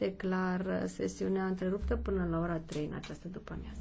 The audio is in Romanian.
Declar sesiunea întreruptă până la ora 3 în această după amiază.